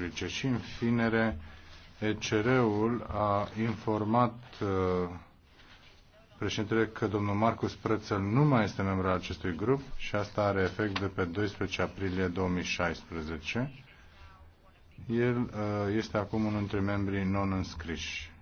Grecia și în finere ECR-ul a informat uh, președintele că domnul Marcus Prățel nu mai este membru al acestui grup și asta are efect de pe 12 aprilie 2016. El uh, este acum unul dintre membrii non înscriși.